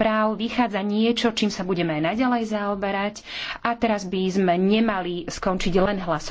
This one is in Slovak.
správ vychádza niečo, čím sa budeme aj naďalej zaoberať a teraz by sme nemali skončiť len hlasovať.